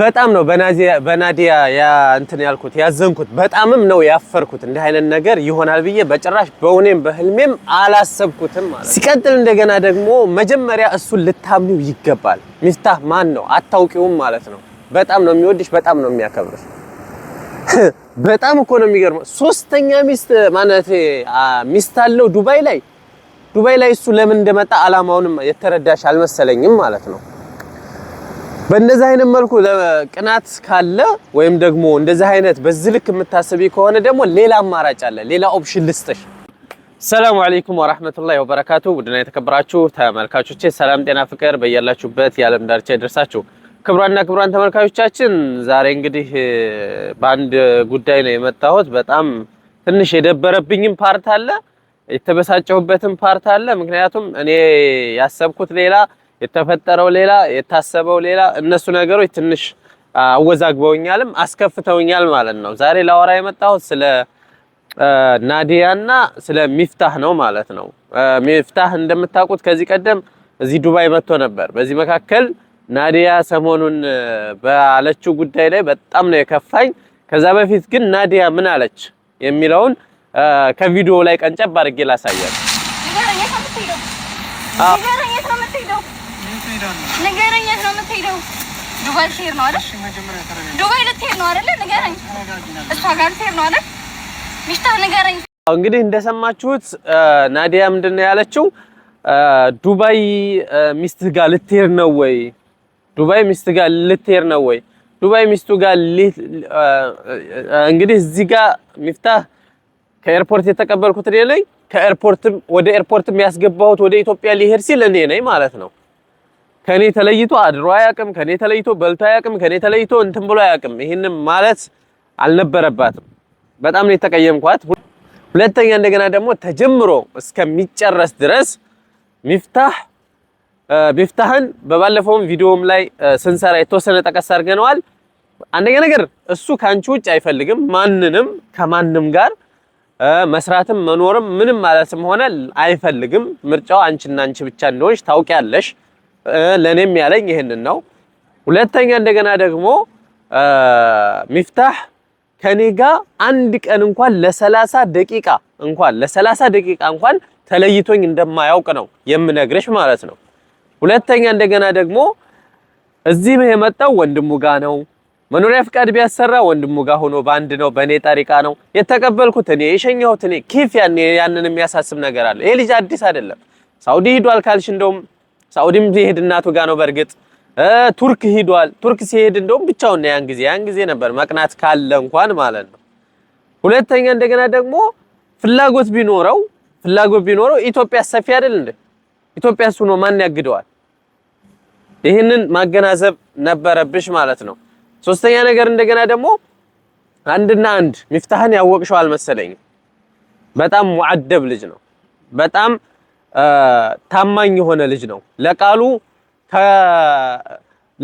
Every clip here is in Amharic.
በጣም ነው በናዲያ ያ እንትን ያልኩት ያዘንኩት፣ በጣምም ነው ያፈርኩት። እንዲህ አይነት ነገር ይሆናል ብዬ በጭራሽ በእውኔም በህልሜም አላሰብኩትም ማለት ሲቀጥል እንደገና ደግሞ መጀመሪያ እሱን ልታምኒው ይገባል። ሚፍታህ ማን ነው አታውቂውም ማለት ነው። በጣም ነው የሚወድሽ፣ በጣም ነው የሚያከብርሽ። በጣም እኮ ነው የሚገርመው። ሶስተኛ ሚስት ማለት ሚስት አለው ዱባይ ላይ ዱባይ ላይ እሱ ለምን እንደመጣ አላማውንም የተረዳሽ አልመሰለኝም ማለት ነው። በእንደዚህ አይነት መልኩ ቅናት ካለ ወይም ደግሞ እንደዚህ አይነት በዚህ ልክ የምታስቢ ከሆነ ደግሞ ሌላ አማራጭ አለ። ሌላ ኦፕሽን ልስጥሽ። ሰላም አለይኩም ወራህመቱላሂ ወበረካቱ። ውድና የተከበራችሁ ተመልካቾቼ ሰላም፣ ጤና፣ ፍቅር በያላችሁበት የዓለም ዳርቻ ይደርሳችሁ። ክቡራንና ክቡራን ተመልካቾቻችን ዛሬ እንግዲህ በአንድ ጉዳይ ነው የመጣሁት። በጣም ትንሽ የደበረብኝም ፓርት አለ፣ የተበሳጨሁበትም ፓርት አለ። ምክንያቱም እኔ ያሰብኩት ሌላ የተፈጠረው ሌላ የታሰበው ሌላ። እነሱ ነገሮች ትንሽ አወዛግበውኛልም አስከፍተውኛል ማለት ነው። ዛሬ ላወራ የመጣሁት ስለ ናዲያና ስለ ሚፍታህ ነው ማለት ነው። ሚፍታህ እንደምታውቁት ከዚህ ቀደም እዚህ ዱባይ መጥቶ ነበር። በዚህ መካከል ናዲያ ሰሞኑን ባለችው ጉዳይ ላይ በጣም ነው የከፋኝ። ከዛ በፊት ግን ናዲያ ምን አለች የሚለውን ከቪዲዮ ላይ ቀንጨብ አድርጌ ላሳያል። ልትሄደው ነው? ንገረኝ። የት ነው የምትሄደው? ዱባይ ልትሄድ ነው አይደል? ዱባይ ልትሄድ ነው አይደል? ንገረኝ። እሷ ጋር ልትሄድ ነው አይደል? ሚስትህ ንገረኝ። እንግዲህ እንደሰማችሁት ናዲያ ምንድን ነው ያለችው? ዱባይ ሚስትህ ጋር ልትሄድ ነው ወይ? ዱባይ ሚስትህ ጋር ልትሄድ ነው ወይ? ዱባይ ሚስቱ ጋር እንግዲህ እዚህ ጋር ሚፍታህ ከኤርፖርት የተቀበልኩት እኔ ነኝ። ከኤርፖርትም ወደ ኤርፖርትም ያስገባሁት ወደ ኢትዮጵያ ሊሄድ ሲል እኔ ነኝ ማለት ነው። ከኔ ተለይቶ አድሮ አያቅም፣ ከኔ ተለይቶ በልቶ አያቅም፣ ከኔ ተለይቶ እንትን ብሎ አያቅም። ይህንም ማለት አልነበረባትም። በጣም ነው የተቀየምኳት። ሁለተኛ እንደገና ደግሞ ተጀምሮ እስከሚጨረስ ድረስ ሚፍታህ ሚፍታህን በባለፈውም ቪዲዮም ላይ ስንሰራ የተወሰነ ጠቀስ አድርገነዋል። አንደኛ ነገር እሱ ከአንቺ ውጭ አይፈልግም ማንንም ከማንም ጋር መስራትም መኖርም ምንም ማለትም ሆነ አይፈልግም። ምርጫው አንቺና አንቺ ብቻ እንደሆንሽ ታውቂያለሽ። ለኔም ያለኝ ይህንን ነው። ሁለተኛ እንደገና ደግሞ ሚፍታህ ከኔ ጋር አንድ ቀን እንኳን ለሰላሳ ደቂቃ እንኳን ለሰላሳ ደቂቃ እንኳን ተለይቶኝ እንደማያውቅ ነው የምነግርሽ ማለት ነው። ሁለተኛ እንደገና ደግሞ እዚህ የመጣው ወንድሙ ጋ ነው። መኖሪያ ፍቃድ ቢያሰራ ወንድሙ ጋ ሆኖ በአንድ ነው፣ በኔ ጠሪቃ ነው የተቀበልኩት እኔ የሸኘሁት እኔ ኪፍ ያንን የሚያሳስብ ነገር አለ። ይሄ ልጅ አዲስ አይደለም። ሳውዲ ሂዷል ካልሽ እንደውም ሳኡዲም ሄድ እናቱ ጋ ነው። በእርግጥ ቱርክ ሂዷል። ቱርክ ሲሄድ እንደውም ብቻውን ያን ጊዜ ያን ጊዜ ነበር መቅናት ካለ እንኳን ማለት ነው። ሁለተኛ እንደገና ደግሞ ፍላጎት ቢኖረው ፍላጎት ቢኖረው ኢትዮጵያ ሰፊ አይደል እንዴ? ኢትዮጵያ እሱ ነው ማን ያግደዋል? ይህንን ማገናዘብ ነበረብሽ ማለት ነው። ሶስተኛ ነገር እንደገና ደግሞ አንድና አንድ ሚፍታህን ያወቅሽው አልመሰለኝም። በጣም ሙዓደብ ልጅ ነው በጣም ታማኝ የሆነ ልጅ ነው። ለቃሉ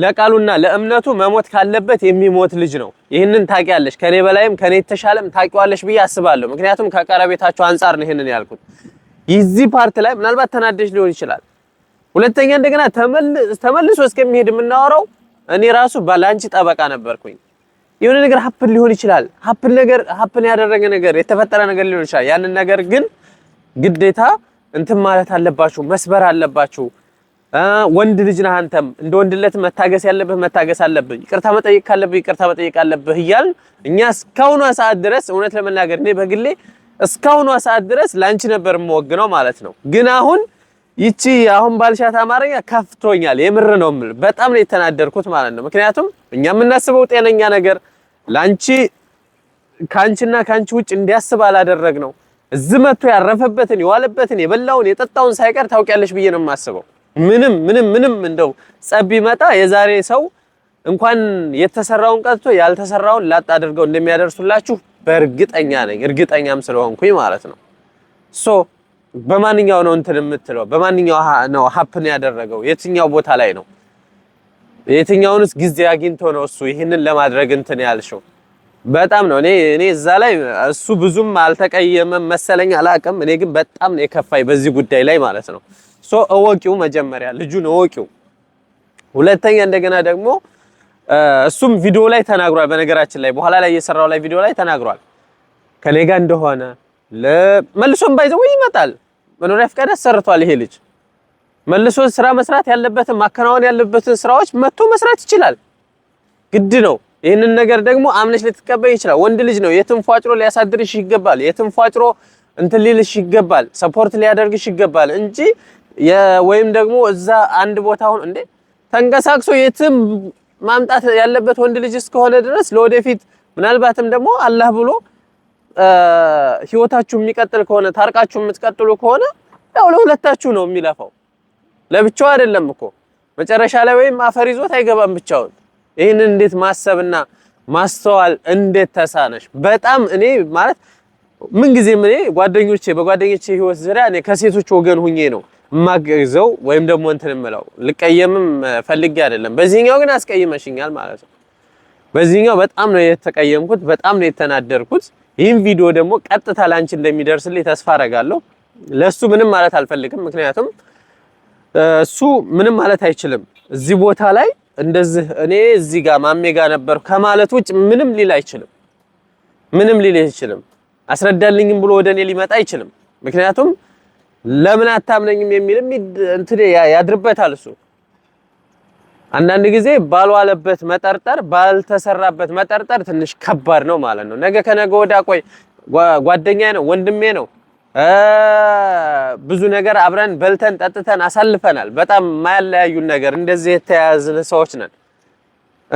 ለቃሉና ለእምነቱ መሞት ካለበት የሚሞት ልጅ ነው። ይህንን ታውቂያለሽ፣ ከኔ በላይም ከኔ የተሻለም ታውቂዋለሽ ብዬ አስባለሁ። ምክንያቱም ከቀረቤታቸው አንጻር ነው ይህንን ያልኩት። የዚህ ፓርት ላይ ምናልባት ተናደሽ ሊሆን ይችላል። ሁለተኛ እንደገና ተመልሶ እስከሚሄድ የምናወራው እኔ ራሱ ባላንቺ ጠበቃ ነበርኩኝ። የሆነ ነገር ሀፕን ሊሆን ይችላል። ሀፕን ነገር ሀፕን ያደረገ ነገር የተፈጠረ ነገር ሊሆን ይችላል። ያንን ነገር ግን ግዴታ እንትን ማለት አለባችሁ፣ መስበር አለባችሁ። ወንድ ልጅ ነህ አንተም እንደ ወንድለት መታገስ ያለብህ መታገስ አለብህ፣ ይቅርታ መጠየቅ ካለብህ ይቅርታ መጠየቅ አለብህ እያልን እኛ እስካሁኗ ሰዓት ድረስ እውነት ለመናገር እኔ በግሌ እስካሁኗ ሰዓት ድረስ ላንቺ ነበር የምወግነው ማለት ነው። ግን አሁን ይቺ አሁን ባልሻት አማርኛ ከፍቶኛል። የምር ነው ምል በጣም ነው የተናደርኩት ማለት ነው። ምክንያቱም እኛ የምናስበው ጤነኛ ነገር ላንቺ ካንቺና ካንቺ ውጭ እንዲያስብ አላደረግ ነው እዚህ መጥቶ ያረፈበትን የዋለበትን የበላውን የጠጣውን ሳይቀር ታውቂያለሽ ብዬ ነው የማስበው። ምንም ምንም ምንም እንደው ጸብ ይመጣ የዛሬ ሰው እንኳን የተሰራውን ቀጥቶ ያልተሰራውን ላጥ አድርገው እንደሚያደርሱላችሁ በእርግጠኛ ነኝ። እርግጠኛም ስለሆንኩኝ ማለት ነው። ሶ በማንኛው ነው እንትን የምትለው? በማንኛው ነው ሀፕን ያደረገው? የትኛው ቦታ ላይ ነው? የትኛውንስ ጊዜ አግኝቶ ነው እሱ ይህንን ለማድረግ እንትን ያልሽው? በጣም ነው እኔ እኔ እዛ ላይ እሱ ብዙም አልተቀየመም መሰለኝ አላቅም። እኔ ግን በጣም ነው የከፋኝ በዚህ ጉዳይ ላይ ማለት ነው። ሶ እወቂው፣ መጀመሪያ ልጁን እወቂው። ሁለተኛ እንደገና ደግሞ እሱም ቪዲዮ ላይ ተናግሯል። በነገራችን ላይ በኋላ ላይ እየሰራው ላይ ቪዲዮ ላይ ተናግሯል ከኔ ጋር እንደሆነ መልሶም ባይዘው ይመጣል። መኖሪያ ፍቃድ አሰርቷል ይሄ ልጅ መልሶ ስራ መስራት ያለበትን ማከናወን ያለበትን ስራዎች መጥቶ መስራት ይችላል። ግድ ነው ይህንን ነገር ደግሞ አምነሽ ልትቀበይ ይችላል። ወንድ ልጅ ነው። የትም ፏጭሮ ሊያሳድርሽ ይገባል። የትም ፏጭሮ እንትን ሊልሽ ይገባል። ሰፖርት ሊያደርግሽ ይገባል እንጂ ወይም ደግሞ እዛ አንድ ቦታ ሁን እንዴ ተንቀሳቅሶ የትም ማምጣት ያለበት ወንድ ልጅ እስከሆነ ድረስ ለወደፊት ምናልባትም ደግሞ አላህ ብሎ ህይወታችሁ የሚቀጥል ከሆነ ታርቃችሁ የምትቀጥሉ ከሆነ ያው ለሁለታችሁ ነው የሚለፋው፣ ለብቻው አይደለም እኮ መጨረሻ ላይ ወይም አፈር ይዞት አይገባም ብቻውን። ይህንን እንዴት ማሰብና ማስተዋል እንዴት ተሳነሽ? በጣም እኔ ማለት ጊዜም እኔ ጓደኞቼ በጓደኞቼ ህይወት ዙሪያ እኔ ከሴቶች ወገን ሁኜ ነው ማገዘው ወይም ደግሞ እንትን እምለው ልቀየምም ፈልጌ አይደለም። በዚህኛው ግን አስቀይመሽኛል ማለት ነው። በዚህኛው በጣም ነው የተቀየምኩት፣ በጣም ነው የተናደርኩት። ይህም ቪዲዮ ደግሞ ቀጥታ ላንቺ እንደሚደርስልኝ ተስፋ አረጋለሁ። ለሱ ምንም ማለት አልፈልግም፣ ምክንያቱም እሱ ምንም ማለት አይችልም እዚህ ቦታ ላይ እንደዚህ እኔ እዚህ ጋር ማሜ ጋር ነበር ከማለት ውጭ ምንም ሊል አይችልም። ምንም ሊል አይችልም። አስረዳልኝም ብሎ ወደ እኔ ሊመጣ አይችልም። ምክንያቱም ለምን አታምነኝም የሚልም እንትን ያድርበታል እሱ። አንዳንድ ጊዜ ባልዋለበት መጠርጠር፣ ባልተሰራበት መጠርጠር ትንሽ ከባድ ነው ማለት ነው። ነገ ከነገ ወዲያ ቆይ ጓደኛዬ ነው ወንድሜ ነው ብዙ ነገር አብረን በልተን ጠጥተን አሳልፈናል። በጣም የማያለያዩን ነገር እንደዚህ የተያያዝን ሰዎች ነን።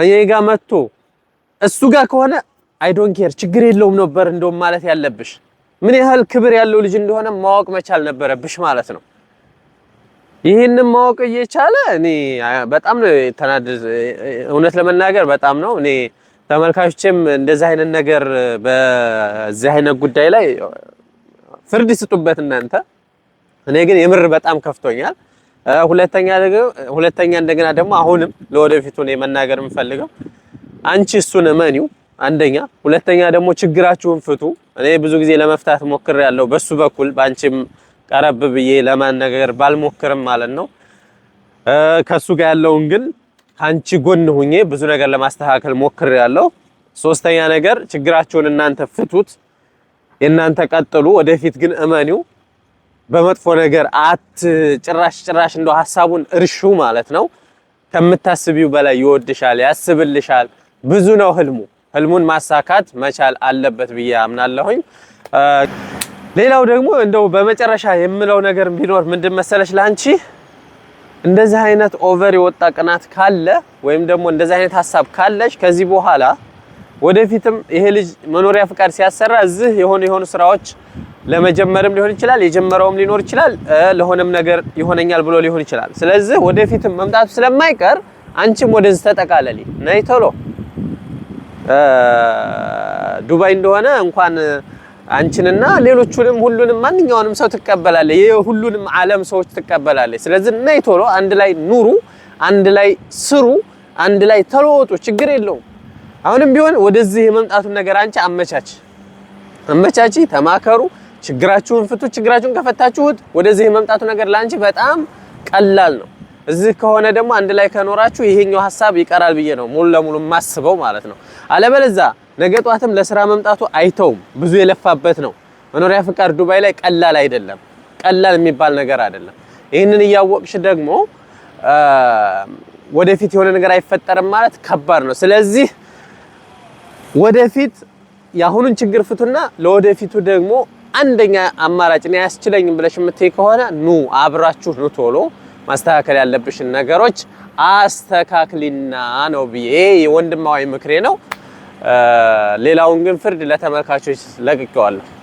እኔ ጋር መጥቶ እሱ ጋር ከሆነ አይ ዶንት ኬር ችግር የለውም ነበር እንደውም ማለት ያለብሽ። ምን ያህል ክብር ያለው ልጅ እንደሆነ ማወቅ መቻል ነበረብሽ ማለት ነው። ይህንን ማወቅ እየቻለ እኔ በጣም ነው የተናደድ። እውነት ለመናገር በጣም ነው እኔ ተመልካቾችም እንደዚህ አይነት ነገር በዚህ አይነት ጉዳይ ላይ ፍርድ ስጡበት እናንተ። እኔ ግን የምር በጣም ከፍቶኛል። ሁለተኛ ሁለተኛ እንደገና ደግሞ አሁንም ለወደፊቱ እኔ መናገር የምፈልገው አንቺ እሱን እመኒው አንደኛ፣ ሁለተኛ ደግሞ ችግራችሁን ፍቱ። እኔ ብዙ ጊዜ ለመፍታት ሞክር ያለው በሱ በኩል በአንቺም ቀረብ ብዬ ለማነጋገር ባልሞክርም ማለት ነው ከሱ ጋር ያለውን ግን ከአንቺ ጎን ሁኜ ብዙ ነገር ለማስተካከል ሞክር ያለው። ሶስተኛ ነገር ችግራችሁን እናንተ ፍቱት። የእናንተ ቀጥሉ። ወደፊት ግን እመኒው በመጥፎ ነገር አት ጭራሽ ጭራሽ እንደው ሀሳቡን እርሹ ማለት ነው። ከምታስቢው በላይ ይወድሻል፣ ያስብልሻል። ብዙ ነው ህልሙ። ህልሙን ማሳካት መቻል አለበት ብዬ አምናለሁኝ። ሌላው ደግሞ እንደው በመጨረሻ የምለው ነገር ቢኖር ምንድን መሰለሽ ላንቺ እንደዚህ አይነት ኦቨር የወጣ ቅናት ካለ ወይም ደግሞ እንደዚህ አይነት ሀሳብ ካለሽ ከዚህ በኋላ ወደፊትም ይሄ ልጅ መኖሪያ ፍቃድ ሲያሰራ እዚህ የሆኑ የሆኑ ስራዎች ለመጀመርም ሊሆን ይችላል፣ የጀመረውም ሊኖር ይችላል፣ ለሆነም ነገር ይሆነኛል ብሎ ሊሆን ይችላል። ስለዚህ ወደፊትም መምጣቱ ስለማይቀር አንቺም ወደዚህ ተጠቃለሊ፣ ነይ ቶሎ። ዱባይ እንደሆነ እንኳን አንቺንና ሌሎቹንም ሁሉንም ማንኛውንም ሰው ትቀበላለች፣ የሁሉንም ዓለም ሰዎች ትቀበላለች። ስለዚህ ነይ ቶሎ፣ አንድ ላይ ኑሩ፣ አንድ ላይ ስሩ፣ አንድ ላይ ተለወጡ። ችግር የለውም። አሁንም ቢሆን ወደዚህ የመምጣቱን ነገር አንቺ አመቻች አመቻች፣ ተማከሩ፣ ችግራችሁን ፍቱ። ችግራችሁን ከፈታችሁት ወደዚህ የመምጣቱ ነገር ለአንቺ በጣም ቀላል ነው። እዚህ ከሆነ ደግሞ አንድ ላይ ከኖራችሁ ይሄኛው ሀሳብ ይቀራል ብዬ ነው ሙሉ ለሙሉ የማስበው ማለት ነው። አለበለዛ ነገ ጧትም ለስራ መምጣቱ አይተውም። ብዙ የለፋበት ነው። መኖሪያ ፍቃድ ዱባይ ላይ ቀላል አይደለም፣ ቀላል የሚባል ነገር አይደለም። ይህንን እያወቅሽ ደግሞ ወደፊት የሆነ ነገር አይፈጠርም ማለት ከባድ ነው። ስለዚህ ወደፊት የአሁኑን ችግር ፍቱና ለወደፊቱ ደግሞ አንደኛ አማራጭ ነው ያስችለኝም ብለሽ የምትይ ከሆነ ኑ አብራችሁ ኑ ቶሎ ማስተካከል ያለብሽን ነገሮች አስተካክሊና ነው ብዬ ወንድማዊ ምክሬ ነው። ሌላውን ግን ፍርድ ለተመልካቾች ለቅቄዋለሁ።